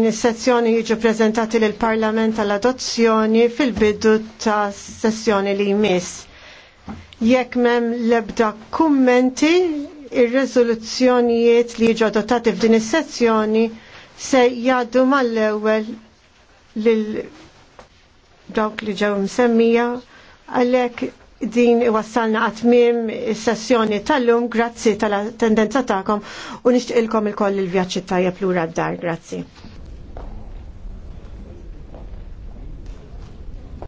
Nis-sezzjoni jiġu prezentati l parlament għal adozzjoni fil-bidu ta' sessjoni li jmiss. Jekk mem lebda kummenti, ir-rezoluzzjonijiet li jiġu adottati f'din is-sezzjoni se jgħaddu mal-ewwel lil dawk li ġew msemmija għalhekk din wassalna għatmim is-sessjoni tal-lum, grazzi tal-attendenza tagħkom u nixtieqilkom il-koll il-vjaġġi tajjeb lura d-dar, grazzi.